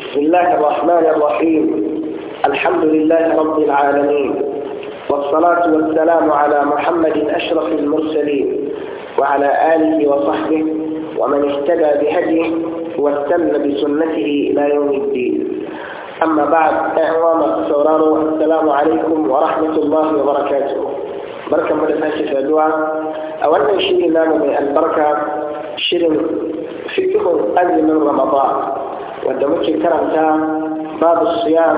بسم الله الرحمن الرحيم الحمد لله رب العالمين والصلاة والسلام على محمد أشرف المرسلين وعلى آله وصحبه ومن اهتدى بهديه واستنى بسنته إلى يوم الدين أما بعد أعوام السوران السلام عليكم ورحمة الله وبركاته بركة مدفاشة في الدعاء أولا شيء نام من البركة شرم أجل من رمضان wadda muke karanta babu siyam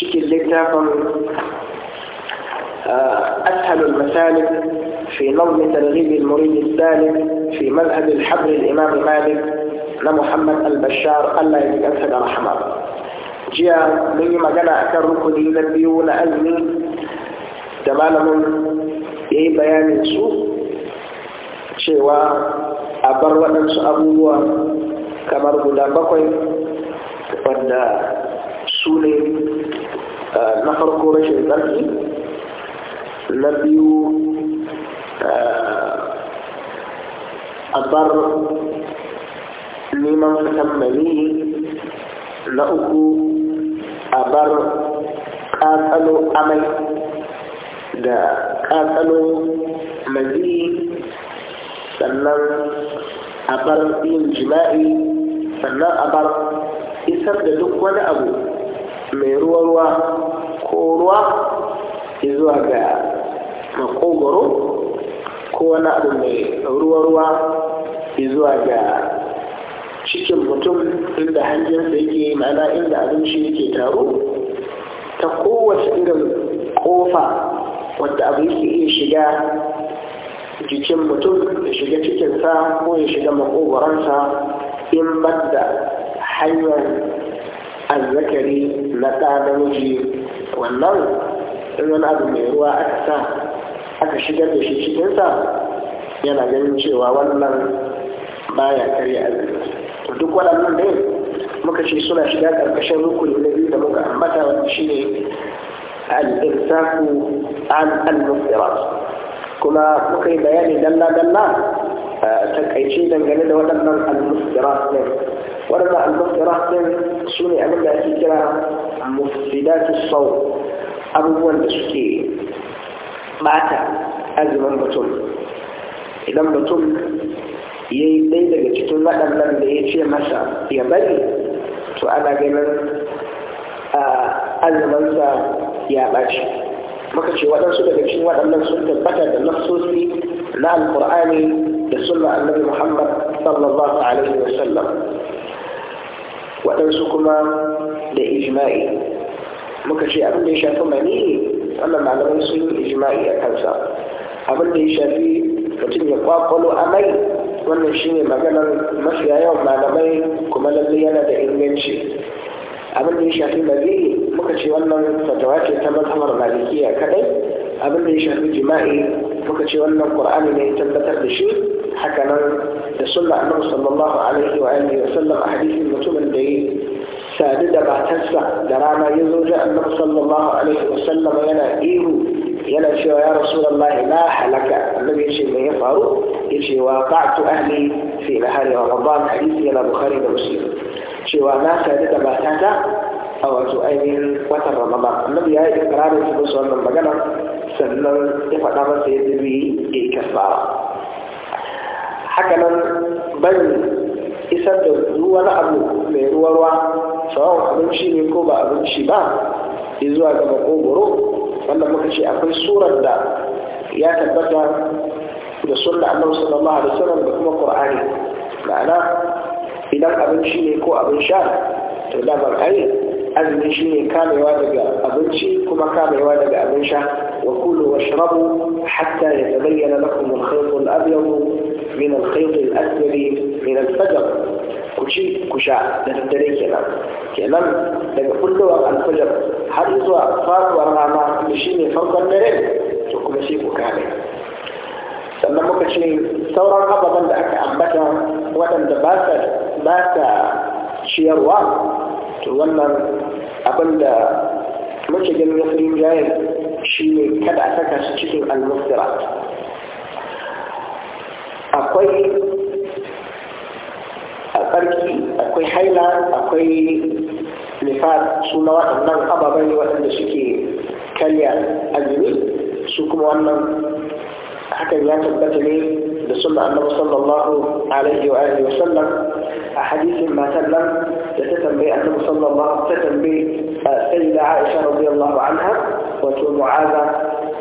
cikin littafin أسهل المسالك في نظم ترغيب المريد السالك في مذهب الحبر الإمام مالك لمحمد البشار الله يجزيه رحمه جيا من مجانا أكن ركني نبيو لأزمي تمالهم yayi bayanin su cewa a bar waɗansu abubuwa kamar guda bakwai wanda su ne na farko rashin tsarki na biyu a bar neman fitan maniyi na uku a bar ƙaƙalo amai da ƙaƙalo maniyi sannan a bar yin jima'i sannan a bar isar da duk wani abu mai ruwa-ruwa ko ruwa zuwa ga makogoro ko wani abu mai ruwa-ruwa zuwa ga cikin mutum inda hanjinsa yake mana inda abinci yake taru, ta kowace irin kofa wadda abu yake iya shiga jikin mutum ya shiga cikinsa ko ya shiga makogoransa in badda hanyar azzakari na ɗa wannan in wani abu mai ruwa aka sa aka shigar da shi cikinsa yana ganin cewa wannan baya karya azumi to duk waɗannan ne muka ce suna shiga ƙarƙashin rukuni na biyu da muka ambata wanda shi ne al'irsaku an al-mufirat kuma muka yi bayani dalla-dalla takaice dangane da waɗannan al-mufirat ne waɗanda albasira ɗin su ne abin da ake kira mufsidatu sau abubuwan da suke bata azumin mutum idan mutum ya yi ɗaya daga cikin waɗannan da ya ce masa ya bari to ana ganin azumansa ya ɓace. Maka ce waɗansu daga cikin waɗannan sun tabbata da nafsosi na alkur'ani da sunna annabi muhammad sallallahu alaihi sallam. waɗansu kuma da ijma'i muka ce abin da ya shafi mani wannan malamai sun yi ijima'i a kansa abin da ya shafi mutum ya kwakwalo amai wannan shine maganar mafiya yawan malamai kuma lalle yana da inganci abin da ya shafi mazi muka ce wannan fatawa ce ta mazhabar malikiya kadai abin da ya shafi jima'i muka ce wannan qur'ani ne tabbatar da shi haka nan da sunna annabi sallallahu alaihi wa alihi wa sallam a hadisin mutumin da ya sadu da matarsa da rana ya zo ji annabi sallallahu alaihi wa sallam yana ihu yana cewa ya rasulullahi na halaka annabi ya ce me ya faru ya ce wa ba'tu ahli fi nahari ramadan hadisi yana bukhari da muslim cewa na sadu da matata a wato ainihin watan ramadan annabi ya yi ikirarin su musu wannan magana sannan ya faɗa masa yadda bai yi kafara haka nan bari isar da wani abu mai ruwa-ruwa sawon abinci ne ko ba abinci ba zuwa ga makogoro wanda muka ce akwai surar da ya tabbata da sunna annabi sallallahu alaihi wasallam da kuma qur'ani ma'ana idan abinci ne ko abin sha to da ban ai azumi shine kamewa daga abinci kuma kamewa daga abin sha wa kulu washrabu hatta ya lakum al-khayt al-abyad من الخيط الأسود من الفجر كشي كشاء نتدريك يا نام كي نام لن يقول له عن الفجر هل يسوى أطفال ورعنا مشين فوق المرين تقوم شيء كامل سمى مكشين ثورا قبضا لأك أبكا وأن دباسا باسا شيروا تولى أبن دا مكشين يخلي جاي شيء كدع سكا شكين akwai a tsarki akwai haila akwai nifas su na waɗannan ababai ne waɗanda suke karya azumi su kuma wannan hakan ya tabbata ne da sunna annabi sallallahu alaihi wa alihi wa sallam a hadisin matan nan da ta tambaye annabi sallallahu ta tambaye sayyida Aisha radiyallahu anha wato mu'aza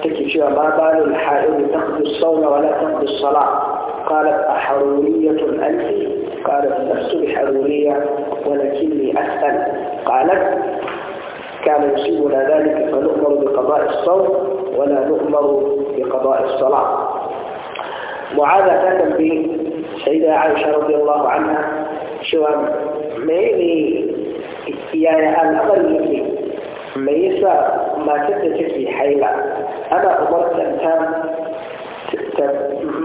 take cewa ma balul ha'id taqdi as-sawm wa la taqdi as-salah قالت أحرورية أنت قالت لست بحرورية ولكني أسأل قالت كان يصيبنا ذلك فنؤمر بقضاء الصوم ولا نؤمر بقضاء الصلاة معاذة سيدة عائشة رضي الله عنها شو mai ne yaya al'amari yake ما yasa matar da take haila ana umartar ta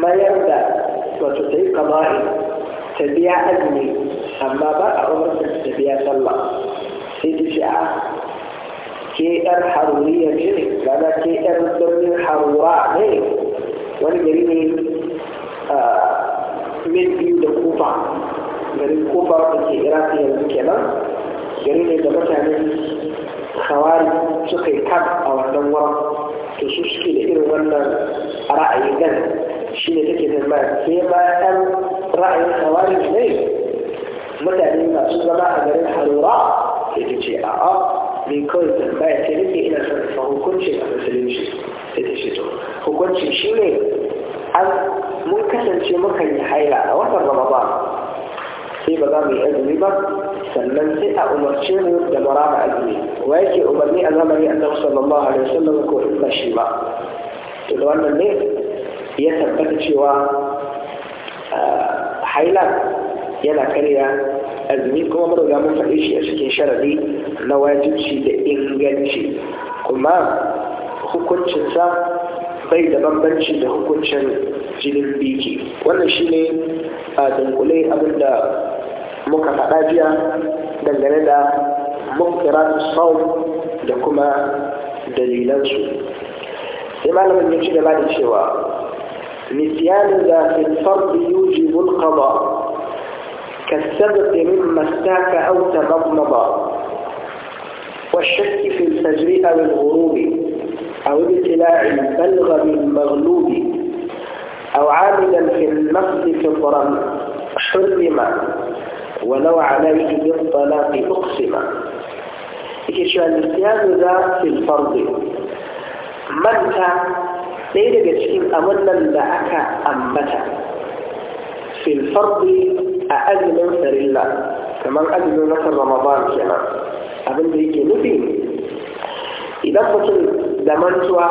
mayar wato ta yi kamari ta biya azumi amma ba a umarta ta biya sallah sai ta ce a ke yar haruriya ce rana ke yar birnin harura ne wani gari ne mil biyu da kufa garin kufa da ke iraki yanzu kenan gari ne da mutane kawari suka yi kan a wannan wurin to su suke da irin wannan ra'ayi gan الشيء ذكي في المال فيما أن رأي الخوارج ليه مثل ما سوى ما أمر الحرورة في الجيعة لكل ما يتلقي إلى الخلف فهو كل شيء أمر سليمش في الجيعة هو كل شيء شيء ليه أن منكسر شيء ممكن يحيي لعنى وفر رمضان في بضام الأدوية سلمان سيء أمر شيء يبدأ مرامع الدنيا ويكي أمرني أمامني أنه صلى الله عليه وسلم كل ما شيء ما تقول أن الناس ya tabbata cewa haila yana karya azumi kuma maruga mun faɗi shi a cikin sharadi na wajibci da inganci kuma hukuncinsa bai da bambanci da hukuncin jinin biki wannan shi ne a dunkule abinda muka faɗa jiya dangane da mukirar saum da kuma dalilansu sai malamin ya ci gaba da cewa نسيان ذات الفرض يوجب القضاء كالسبق مما استاك أو تمضمض والشك في الفجر أو الغروب أو ابتلاع البلغ المغلوب أو عاملا في النقد فطرا حرم ولو عليه بالطلاق أقسم إيش نسيان ذات في الفرض متى ɗaya daga cikin amannan da aka ambata fil a azumin sarilla kamar azumin watan ramadan kenan abin da yake nufi idan mutum da mantuwa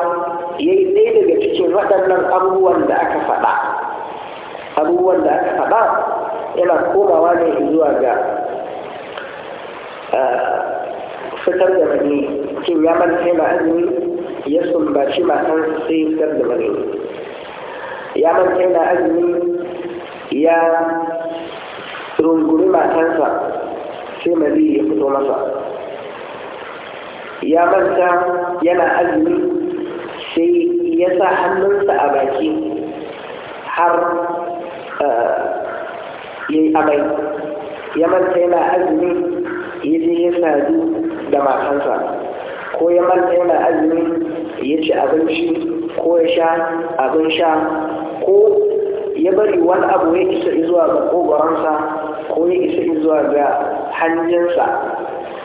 ya yi ɗaya daga cikin waɗannan abubuwan da aka faɗa abubuwan da aka faɗa yana komawa ne zuwa ga eh, fitar da mani kin ya manta yana azumi ya sumbaci matan sai fitar da bane ya manta yana azumi ya rungumi matansa sai mari ya fito masa ya manta yana azumi sai ya sa hannunsa a baki har eh, ya yi amai ya manta yana azumi ya je ya sadu da matansa ko ya manta yana azumi ya ci abinci ko ya sha abin sha ko ya bari wani abu ya isa zuwa ga kogoransa ko ya isa zuwa ga hanjinsa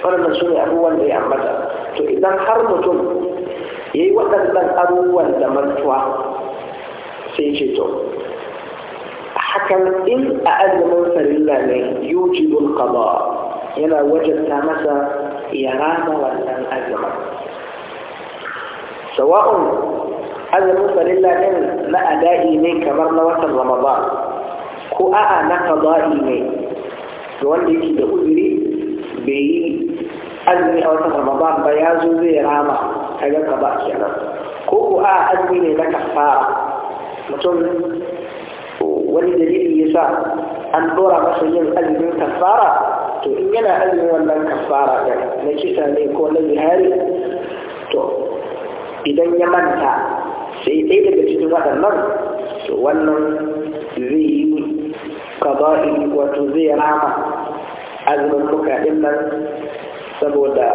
wannan su ne abubuwan da ya ambata to idan har mutum ya yi waɗannan abubuwan da mantuwa sai ce to hakan in a azumin farilla ne yujibul qada yana ta masa ya rama wannan azumin sawa'un azumin farilla din na ada'i ne kamar na watan ramadan ko a'a na qada'i ne Da wanda yake da uzuri bai yi azumi a watan ramadan ba ya zo zai rama kaga qada kenan ko ko a'a azumi ne na kafara mutum wani dalili ya sa an ɗora masa yin azumin kafara to in yana azumin wannan kafara din na kisa ne ko na zihari to idan ya manta sai ɗaya daga cikin waɗannan to wannan zai yi ka kaba'i wato zai rama azumin kukaɗin nan saboda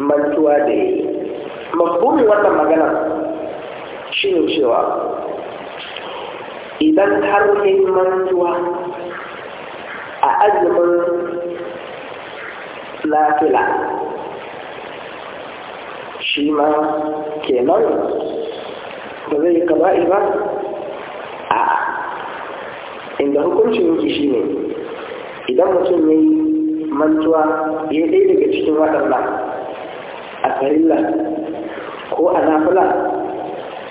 mantuwa da ya yi mafi wannan magana shi ne cewa idan har yi mantuwa a azumin lafila شيما كيمر فذي قبائل ا عنده كل شيء يشيني إذا ما تنمي من توا يدي لك تشتوى الله أكبر الله كو أنا فلا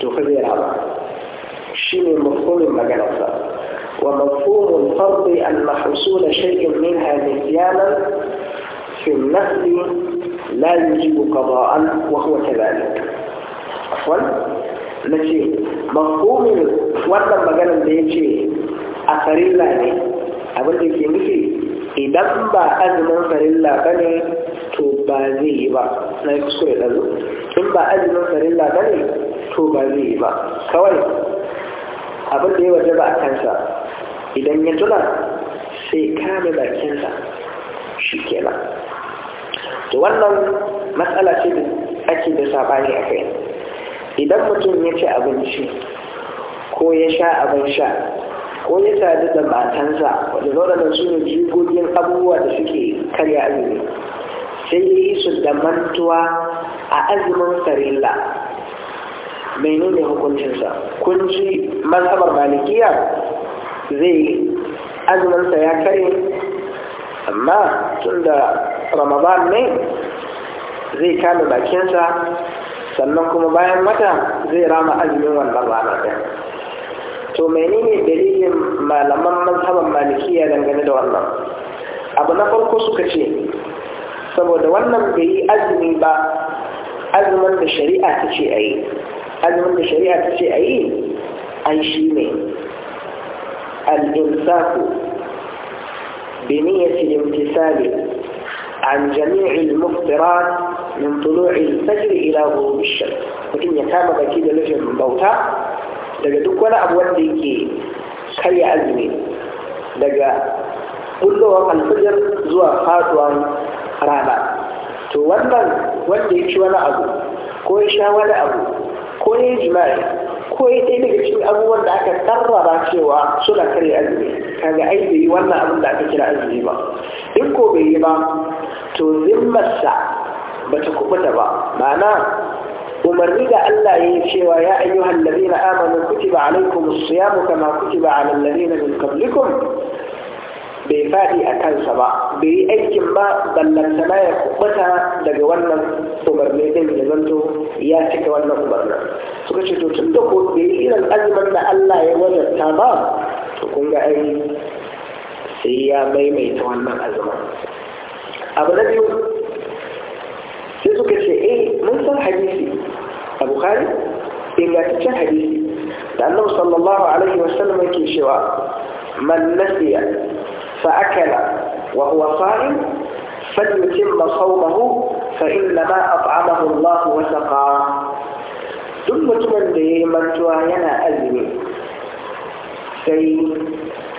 تخذي رابا شيني مفهوم مجالسة ومفهوم فرض أن محصول شيء منها نسيانا في النقل la yujibu qada'an wa huwa kadhalik afwan nace mafhumin wannan maganar da yace a farilla ne abin da ke nufi idan ba azumin farilla bane to ba zai yi ba na yi kuskure ɗazu in ba azumin farilla bane to ba zai yi ba kawai abin da ya waje ba a kansa idan ya tuna sai kame bakinsa shi kenan to wannan matsala ce da ake da sabani a kai idan mutum ya ci abinci ko ya sha abin sha ko ya sadu da matansa wadda zauranan su ne jigogin abubuwa da suke karya azumi sai ya yi su da mantuwa a azumin sarila mai nuna hukuncinsa kun ji mazhabar malikiya zai azuminsa ya kare amma tun da ramadan ne zai kame bakinsa sannan kuma bayan wata zai rama azumin wannan rana ɗin to menene dalilin malaman mazhaban malikiya dangane da wannan abu na farko suka ce saboda wannan bai yi azumi ba azumin da shari'a ta ce a yi azumin da shari'a ta ce a yi an shi ne al'insaku bi niyyatil imtisali عن جميع المفطرات من طلوع الفجر إلى غروب الشمس mutum ya kama baki da nufin bauta daga duk wani abu wanda yake karya azumi daga kullowar alfajar zuwa faduwar rana to wannan wanda ya ci wani abu ko ya sha wani abu ko ya yi jima'i ko ya ɗaya daga cikin abubuwan da aka karrara cewa suna karya azumi kaga ai bai yi wannan abin da aka kira azumi ba in ko bai yi ba to zimmarsa ba ta kubuta ba ma'ana umarni da Allah ya yi cewa ya ayyuhan na amanu kutiba alaikum as-siyam kama ba ala alladina min bai faɗi a kansa ba bai yi aikin ba ballantana ya kubuta daga wannan umarni din ya zanto ya cika wannan umarnin suka ce to tun da ko bai yi irin azumin da Allah ya wajabta ba to kun ga ai sai ya maimaita wannan azumin أبو ذا بيقول سيسو كرشي إيه منصى حديثي أبو خالد إلا إيه كتشا حديثي لأنه صلى الله عليه وسلم كرشي من نسي فأكل وهو صائم فليتم صومه فإنما أطعمه الله وسقاه ثم تمن من توانينا أزمي سي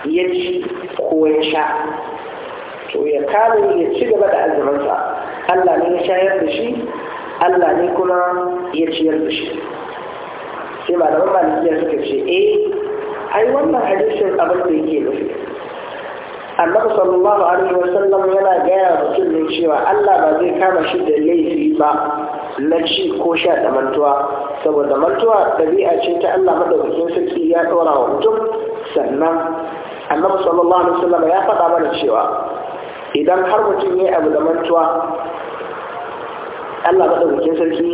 يجي خوشا to ya kame ya ci gaba da azumansa Allah ne ya shayar da shi Allah ne kuma ya ciyar da shi sai malaman malikiya suka ce eh ai wannan hadisin abin da yake nufi annabi sallallahu alaihi wasallam yana gaya mutum ne cewa Allah ba zai kama shi da laifi ba na ci ko sha da mantuwa saboda mantuwa ɗabi'a ce ta Allah madaukakin sarki ya ɗora wa mutum sannan annabi sallallahu alaihi wasallam ya faɗa mana cewa idan har mutum ya abu da mantuwa Allah maɗaukakin sarki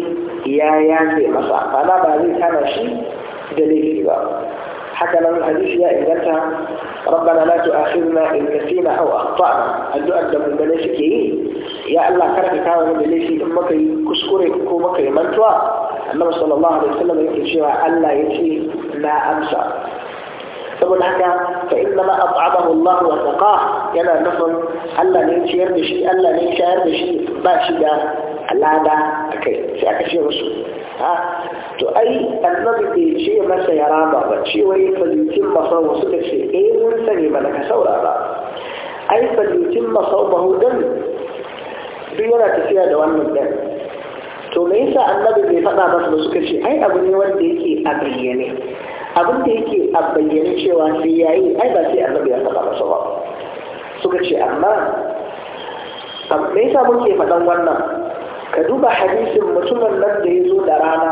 ya yafe masa ana ba zai tana shi da laifi ba haka nan hadisi ya inganta rabbana la tu'akhirna in nasina aw akhtana addu'ar da mun ke yi ya Allah karka ka kawo mu da laifi in muka yi kuskure ko muka yi mantuwa annabi sallallahu alaihi wasallam yake cewa Allah yace na amsa فمن هكا فإنما أطعبه الله وتقاه كما نقول ألا ننشي أرمشي ألا ننشي أرمشي باشي دا ألا دا أكي سيأكا شيء رسول ها تو أي النبي دي شيء ما سيرى بابا شيء ويفل يتم صوم سنة شيء أي من سنة ملك سورة بابا أي فل يتم صومه دم بيونا تسيرى دوان من دم تو ليس النبي دي فقط بس بسكة شيء أي أبني ودي كي أبيني abin da yake a bayyane cewa sai yayi ai ba sai annabi ya faɗa masa ba suka ce amma me yasa muke faɗan wannan ka duba hadisin mutumin nan da ya zo da rana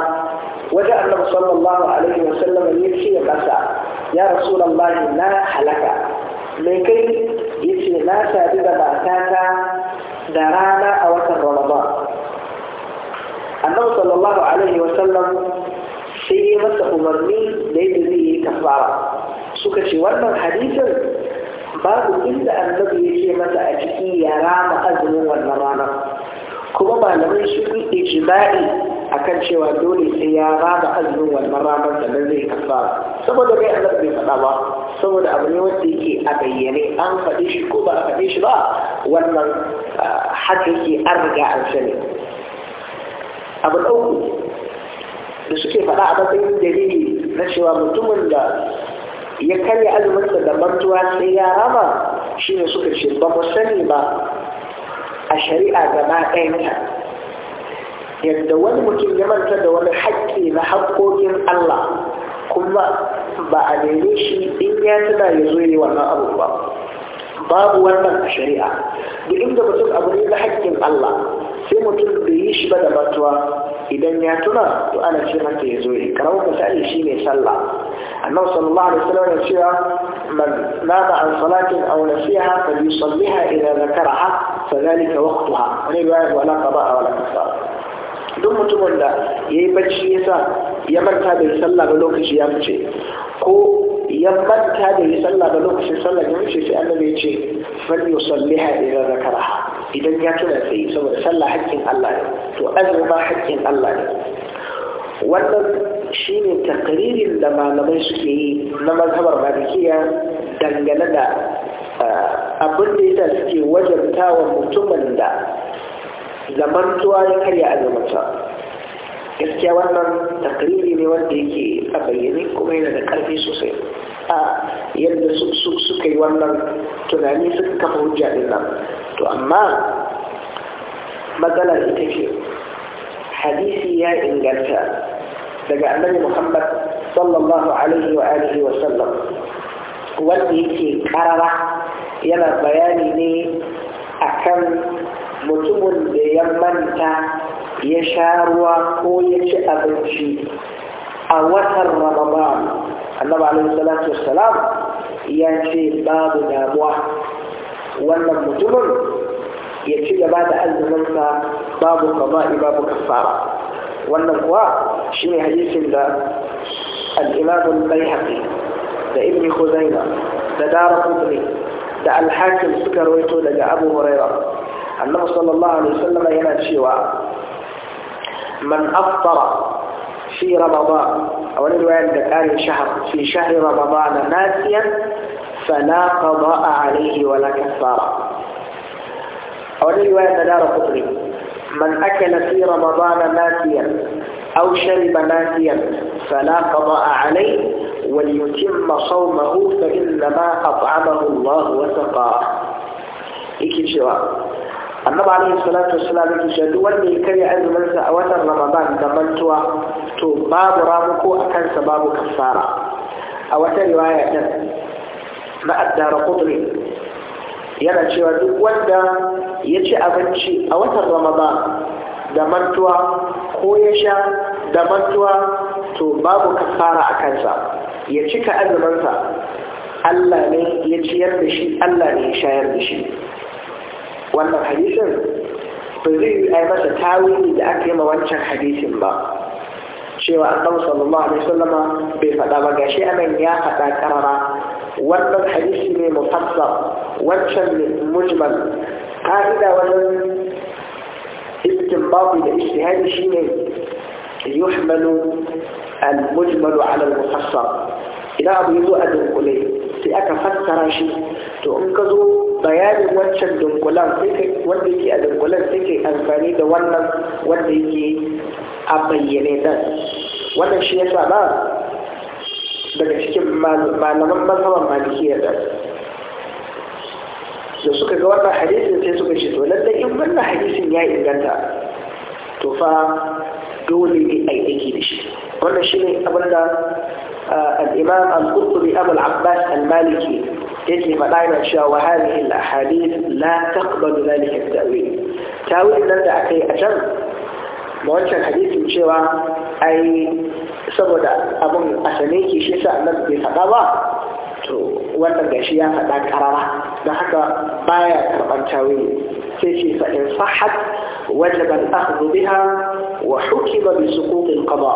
wajen annabi sallallahu alaihi wa sallam ya ce ya masa ya rasulullahi na halaka Me kai ya ce na sadu da matata da rana a watan ramadan annabi sallallahu alaihi wa sallam sai yi masa umarni da yadda zai yi kafara suka ce wannan hadisin babu inda annabi ya ce masa a ciki ya rama azumin wannan rana kuma malamai su yi ijima'i akan cewa dole sai ya rama azumin wannan ranar da nan zai kafara saboda bai annabi bai faɗa ba saboda abu ne wanda yake a bayyane an faɗi shi ko ba a faɗi shi ba wannan ah, haka yake an riga an sani abu ɗauku da suke faɗa a matsayin dalili na cewa mutumin da ya karya azuminsa da mantuwa sai ya rama shi ne suka ce ba mu sani ba a shari'a gaba ɗayanta yadda wani mutum ya manta da wani haƙƙi na haƙƙoƙin Allah kuma ba a neme shi in ya tuna ya zo yi wannan abu ba babu wannan a shari'a da inda mutum abu ne na haƙƙin Allah sai mutum bai yi shi ba da mantuwa idan ya tuna to ana ce mata ya zo yi karamar misali shi ne sallah annan sallallahu alaihi wasallam ya cewa man nama an salatin aw nasiha fa yusalliha idza zakaraha fa zalika waqtuha wani ya riwaya wala qada'a wala kafara duk mutumin da yayi bacci yasa ya manta da sallah da lokaci ya fice ko ya manta da sallah da lokacin sallar ya fice sai annabi ya ce fal yusalliha idza zakaraha idan ya tuna sai saboda sallah haƙƙin Allah ne to azumi hakkin haƙƙin Allah ne wannan shine takririn da malamai suke yi na mazhabar malikiya dangane da eh, abin da yasa suke wajabta wa mutumin da zamantuwa ya karya azumunsa gaskiya wannan takriri ne wanda yake a bayyane kuma yana da ƙarfi sosai a yadda suka yi wannan tunani suka kafa hujja din nan to amma matsalar ita ce hadisi ya inganta daga annabi muhammad sallallahu alaihi wa alihi wa sallam wanda yake karara yana bayani ne akan mutumin da ya manta ya sha ruwa ko ya ci abinci a watan ramadan annabi alaihi salatu salam ya ce babu damuwa wannan mutumin ya ci gaba da azuminsa babu qada'i babu kafara wannan kuwa shine hadisin da al-Imam al bayhaqi da Ibn Khuzaimah da darqutni da Al-Hakim suka rawaito daga Abu Hurairah annabi sallallahu alaihi wasallam yana cewa man aftara fi ramadan a wani riwayar da karin shahar fi shahri ramadan nasiyan فلا قضاء عليه ولا كفارة أولي رواية دار قطري من أكل في رمضان ناسيا أو شرب ناسيا فلا قضاء عليه وليتم صومه فإنما أطعمه الله وسقاه إكتشوا النبي عليه الصلاة والسلام يقول ولي كي أذن من رمضان دمنتوا تباب رامكو أكن سباب كفارة أوتر رواية na addara kudri yana cewa duk wanda ya ci abinci a watan ramadan da mantuwa ko ya sha da mantuwa to babu kafara a kansa ya cika azumansa Allah ne ya ciyar da shi Allah ne ya shayar da shi wannan hadisin ba zai yi a masa tawili da aka yi ma wancan hadisin ba cewa annabi sallallahu alaihi wasallama bai faɗa ba gashi anan ya faɗa karara wannan hadisi ne mufassar wancan ne mujmal ka'ida wajen istinbati da ijtihadi shine yuhmalu al-mujmal ala al idan abu yazo a dunkule sai aka fassara shi to in ka zo bayanin wancan dunkulen wanda yake a dunkulen sai kai amfani da wannan wanda yake a bayyane dan wannan shi yasa ba malaman mazhaban malikiya da da suka ga wannan hadisin sai suka ce to lallai in wannan hadisin ya inganta to fa dole ne a yi aiki da shi wannan shi ne abin da uh, al'imam al-qurtubi abul abbas al-maliki yake faɗa yana cewa wa hadhihi al-ahadith la taqbalu dhalika at-ta'wil tawil nan da aka yi a can ma wancan hadisin cewa ai saboda abin a sane ke shi sa nan bai faɗa ba to wannan gashi ya faɗa karara don haka baya karɓar tawili sai ce fa in sahat wajen al-akhdhu biha wa hukima bi suqut qada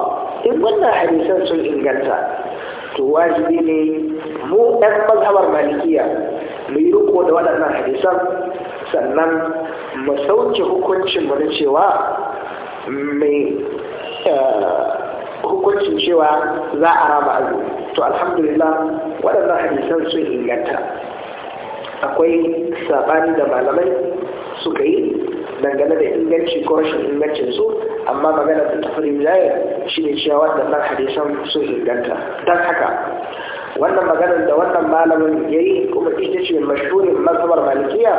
in wannan hadisan sun inganta to wajibi ne mu ɗan mazhabar malikiya mu yi riko da waɗannan hadisan sannan mu sauke hukuncin mu na cewa mai eh, hukuncin cewa za a raba azumi to alhamdulillah waɗannan hadisan sun inganta akwai saɓani da malamai suka yi dangane da inganci ko rashin ingancin su amma magana ta tafi rijaya shi ne cewa waɗannan hadisan sun inganta don haka wannan maganar da wannan malamin ya yi kuma ita ce mashhurin mazhabar malikiya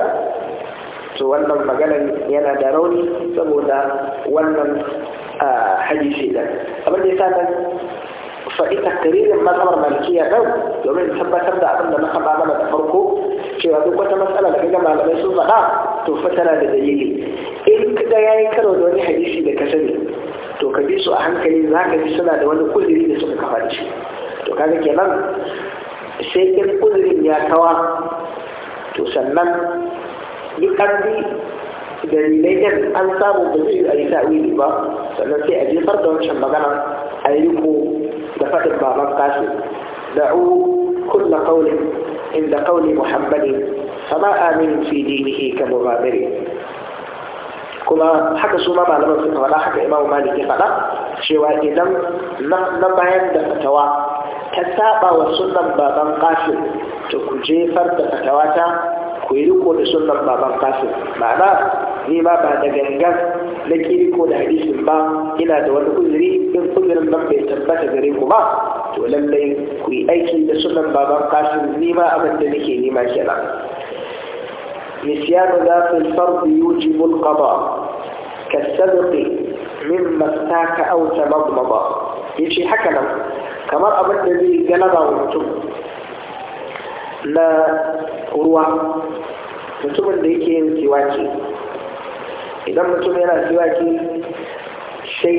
to wannan maganar yana da rauni saboda wannan A hadisi shaidan abin da ya sa faɗi takririn matsalar malikiya nan domin tabbatar da abin da na faɗa mana da farko cewa duk wata matsala da kaga malamai sun faɗa to fatana da dalili in ya yayi karo da wani hadisi da ka sani to ka bi su a hankali za ka bi suna da wani kuzuri da suka kafa shi to kaga kenan sai in kuzurin ya kawa to sannan duk an bi dalilai an samu ba zai yi a yi ta'wili ba sannan sai a jefar da wancan magana a yi ko da faɗin baban kasu u kulla qawlin inda a muhammadin fama aminin fi dinihi ka mubadiri kuma haka su ma malaman suka faɗa haka imamu malik ya faɗa cewa idan na bayan da fatawa ta saba wa sunan baban kafin to ku jefar da fatawata ku yi riko da sunan baban kafin ma'ana ni ma ba da gangan na kiriko da hadisin ba ina da wani uzuri in uzurin nan bai tabbata gare ku ba to lallai ku yi aiki da sunan baban kasim nima abin da nake nema kenan نسيان ذات الفرض يوجب القضاء كالسبق مما استاك أو تمضمض يجي حكما كما أبدا ذي جلد ومتم لا ruwa mutumin da yake yin siwaki idan mutum yana siwaki sai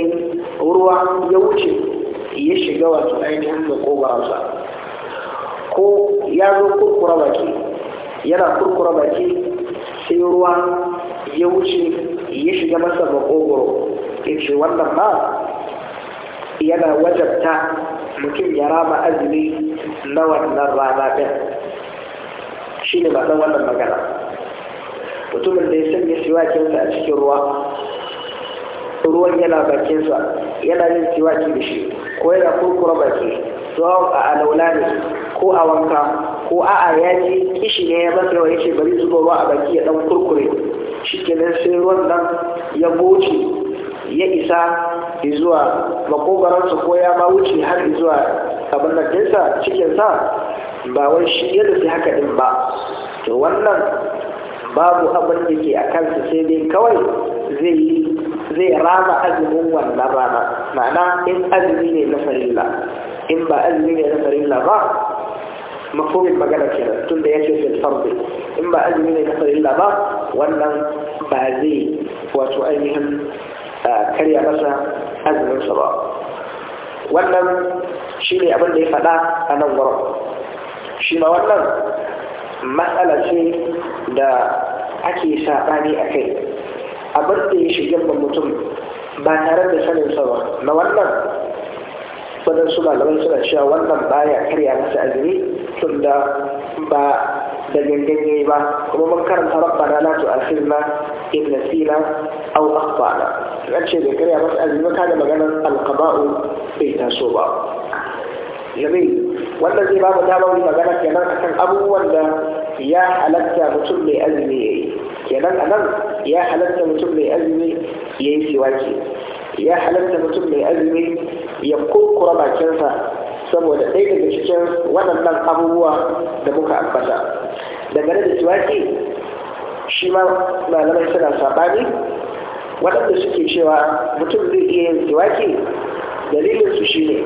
ruwa ya wuce ya shiga wato ainihin kogarsa ko ya zo kurkura baki yana kurkura baki sai ruwa ya wuce ya shiga masa makogoro ya ce wannan ba yana wajabta mutum ya rama azumi na wannan rana ɗin shi ne ba wannan magana mutumin da ya sanya sa a cikin ruwa ruwan yana bakinsa yana yin siwaki da shi ko yana kurkura baki zuwa a alaula ne ko a wanka ko a'a ya ji kishi ne ya masa yawa ce bari zuba ruwa a baki ya dan kurkure shikenan sai ruwan nan ya goce ya isa zuwa makogaransa ko ya ma wuce har zuwa abin nan ɗinsa cikinsa ba wai shi ya nufi haka ɗin ba to wannan babu abin da ke a kansa sai dai kawai zai zai rama azumin wannan rana ma'ana in azumi ne na farilla in ba azumi ne na farilla ba mafhumin magana kenan tun da ya ce fil in ba azumi ne na farilla ba wannan ba zai wato ainihin karya masa azuminsa ba wannan shi ne abin da ya faɗa a nan wurin shi ma wannan matsala ce da ake saɓani a kai a barɗe ya shiga mutum ba tare da sanin sa ba na wannan su malamai suna cewa wannan baya karya masa azumi da ba da gangan ba kuma mun karanta rabbana la tu'akhirna in nasina aw akhtana an ce bai karya masa azumi ka da maganar alqaba'u bai taso ba yabi wannan zai ba mu damar maganar kenan akan abubuwan da ya halatta mutum mai azumi ya yi kenan a nan ya halatta mutum mai azumi ya yi siwaki ya halatta mutum mai azumi ya kurkura bakinsa saboda ɗaya daga cikin waɗannan abubuwa da muka ambata dangane da siwaki shi ma malamai suna saɓani waɗanda suke cewa mutum zai iya yin siwaki dalilin su ne.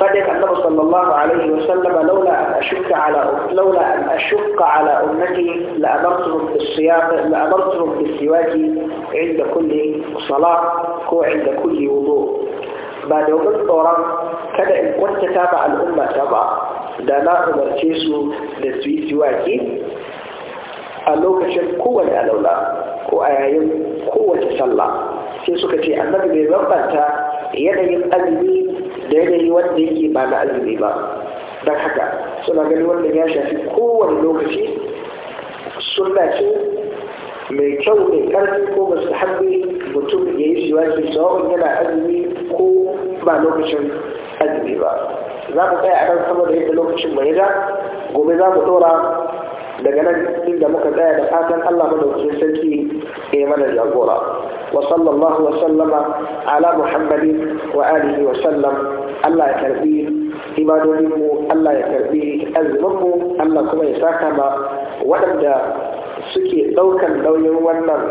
صدق النبي صلى الله عليه وسلم لولا أن أشك على لولا أن أشك على أمتي لأمرتهم بالصيام لأمرتهم بالسواك عند كل صلاة كو عند كل وضوء بعد يوم الثورة كذا إن كنت تابع الأمة تبع دانا عمر تيسو لسوي سواكي اللوكشن كوة لولا كو أيام كو صلاة تيسو كتي ce بيبقى أنت يدعي yanayin da yanayi wanda yake ba na azumi ba don haka suna gani wanda ya shafi kowane lokaci suna ce mai kyau mai karfi ko masu haɗe mutum ya yi shi wajen tsawon yana azumi ko ba lokacin azumi ba za mu tsaya a nan da yadda lokacin mai ga gobe za mu dora daga nan inda muka tsaya da fatan Allah madaukakin sarki ya mana jagora wa sallallahu wa sallama ala muhammadin wa alihi wa sallam Allah ya karbi ibadodinmu Allah ya karbi azumanmu Allah kuma ya saka ma waɗanda suke ɗaukan nauyin wannan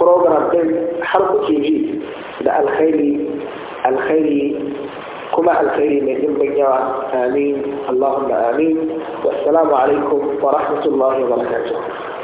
program ɗin har kuke ji da alkhairi alkhairi kuma alkhairi mai ɗimbin yawa amin Allahumma amin wassalamu alaikum wa rahmatullahi wa barakatuh